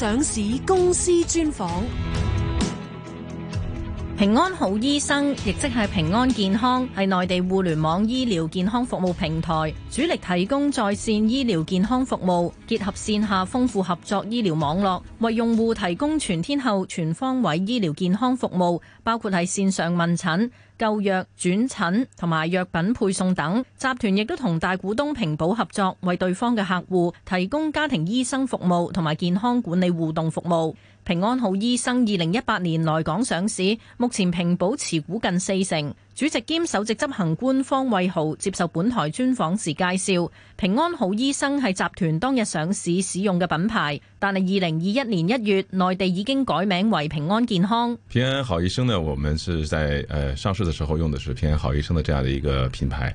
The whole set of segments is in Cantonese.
上市公司專訪，平安好醫生亦即係平安健康，係內地互聯網醫療健康服務平台，主力提供在線醫療健康服務，結合線下豐富合作醫療網絡，為用戶提供全天候全方位醫療健康服務，包括係線上問診。購藥、轉診同埋藥品配送等，集團亦都同大股東平保合作，為對方嘅客戶提供家庭醫生服務同埋健康管理互動服務。平安好醫生二零一八年來港上市，目前平保持股近四成。主席兼首席執行官方蔚豪接受本台專訪時介紹，平安好醫生係集團當日上市使用嘅品牌，但係二零二一年一月，內地已經改名為平安健康。平安好醫生呢，我們是在，呃，上市的時候用的是平安好醫生的這樣的一個品牌。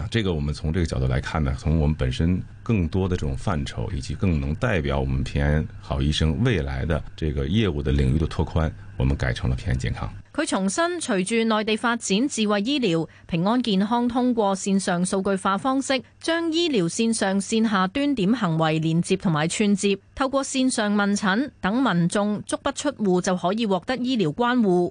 啊，這個我們從這個角度來看呢，從我們本身更多的這種範疇，以及更能代表我們平安好醫生未來的這個業務的領域的拓寬，我們改成了平安健康。佢重申，隨住內地發展智慧醫療，平安健康通過線上數據化方式，將醫療線上線下端點行為連接同埋串接，透過線上問診等民眾足不出戶就可以獲得醫療關護。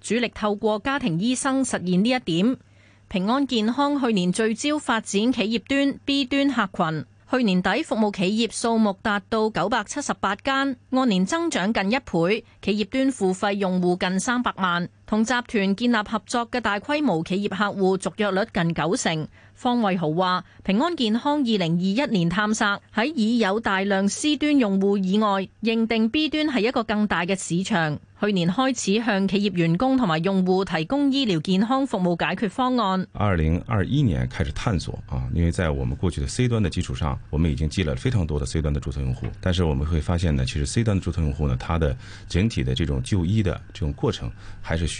主力透過家庭醫生實現呢一點。平安健康去年聚焦發展企業端 B 端客群，去年底服務企業數目達到九百七十八間，按年增長近一倍，企業端付費用戶近三百萬。同集團建立合作嘅大規模企業客戶續約率近九成。方蔚豪話：平安健康二零二一年探索喺已有大量 C 端用戶以外，認定 B 端係一個更大嘅市場。去年開始向企業員工同埋用戶提供醫療健康服務解決方案。二零二一年開始探索啊，因為在我們過去的 C 端的基礎上，我們已經積了非常多嘅 C 端的注冊用戶，但是我們會發現呢，其實 C 端的注冊用戶呢，它的整體的這種就醫的這種過程還是需。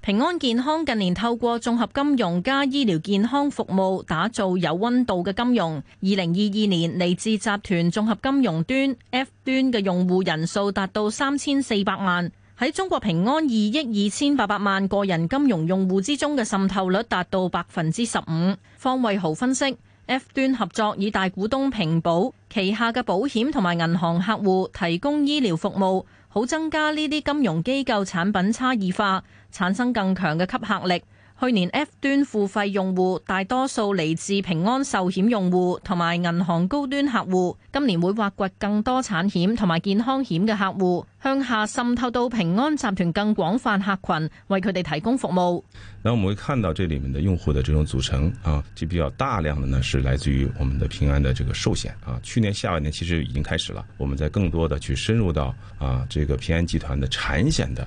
平安健康近年透過綜合金融加醫療健康服務，打造有温度嘅金融。二零二二年嚟自集團綜合金融端 F 端嘅用戶人數達到三千四百萬，喺中國平安二億二千八百萬個人金融用戶之中嘅滲透率達到百分之十五。方蔚豪分析，F 端合作以大股東平保旗下嘅保險同埋銀行客戶提供醫療服務。好增加呢啲金融機構產品差異化，產生更強嘅吸客力。去年 F 端付費用戶大多數嚟自平安壽險用戶同埋銀行高端客戶，今年會挖掘更多產險同埋健康險嘅客戶，向下滲透到平安集團更廣泛客群，為佢哋提供服務。那我們會看到這裏面的用戶的這種組成啊，就比較大量的呢，是來自於我們的平安的這個壽險啊。去年下半年其實已經開始了，我們在更多的去深入到啊，這個平安集團的產險的。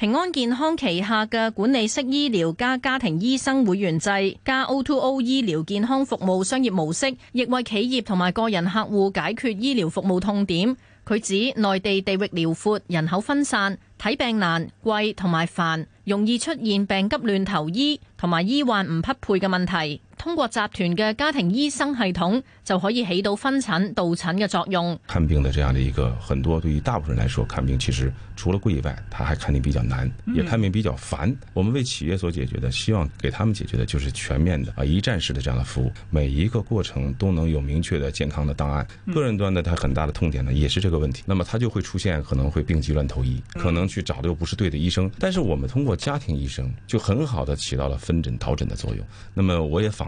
平安健康旗下嘅管理式醫療加家庭醫生會員制加 O to O 醫療健康服務商業模式，亦為企業同埋個人客戶解決醫療服務痛點，佢指內地地域遼闊、人口分散、睇病難貴同埋煩，容易出現病急亂投醫同埋醫患唔匹配嘅問題。通過集團的家庭醫生系統，就可以起到分診、導診的作用。看病的這樣的一個很多對於大部分人來說，看病其實除了貴以外，他還看病比較難，也看病比較煩。我們為企業所解決的，希望給他們解決的，就是全面的啊一站式的這樣的服務。每一個過程都能有明確的健康的檔案。個人端的，它很大的痛點呢，也是這個問題。那麼它就會出現可能會病急亂投醫，可能去找的又不是對的醫生。但是我們通過家庭醫生就很好的起到了分診、導診的作用。那麼我也仿。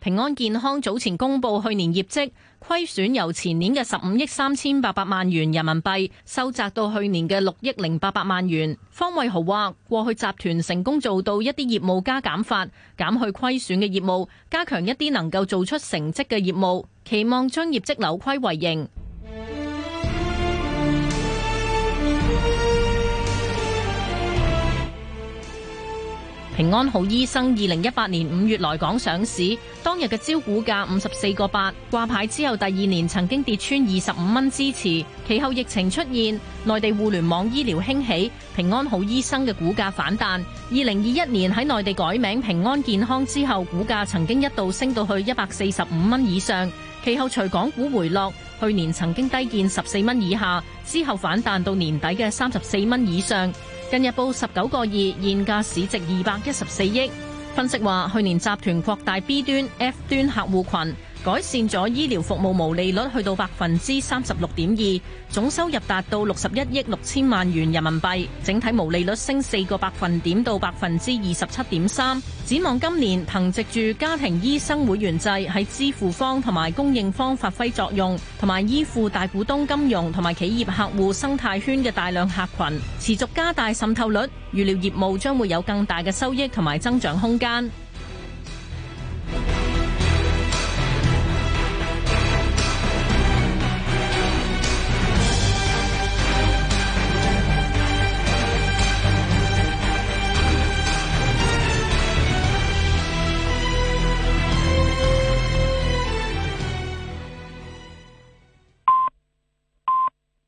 平安健康早前公布去年業績虧損，由前年嘅十五億三千八百萬元人民幣收窄到去年嘅六億零八百萬元。方蔚豪話：過去集團成功做到一啲業務加減法，減去虧損嘅業務，加強一啲能夠做出成績嘅業務，期望將業績扭虧為盈。平安好醫生二零一八年五月來港上市，當日嘅招股價五十四個八，掛牌之後第二年曾經跌穿二十五蚊支持，其後疫情出現，內地互聯網醫療興起，平安好醫生嘅股價反彈。二零二一年喺內地改名平安健康之後，股價曾經一度升到去一百四十五蚊以上，其後隨港股回落，去年曾經低見十四蚊以下，之後反彈到年底嘅三十四蚊以上。近日報十九個二，現價市值二百一十四億。分析話，去年集團擴大 B 端、F 端客戶群。改善咗醫療服務毛利率去到百分之三十六點二，總收入達到六十一億六千萬元人民幣，整體毛利率升四個百分點到百分之二十七點三。展望今年憑藉住家庭醫生會員制喺支付方同埋供應方發揮作用，同埋依附大股東金融同埋企業客戶生態圈嘅大量客群，持續加大滲透率，預料業務將會有更大嘅收益同埋增長空間。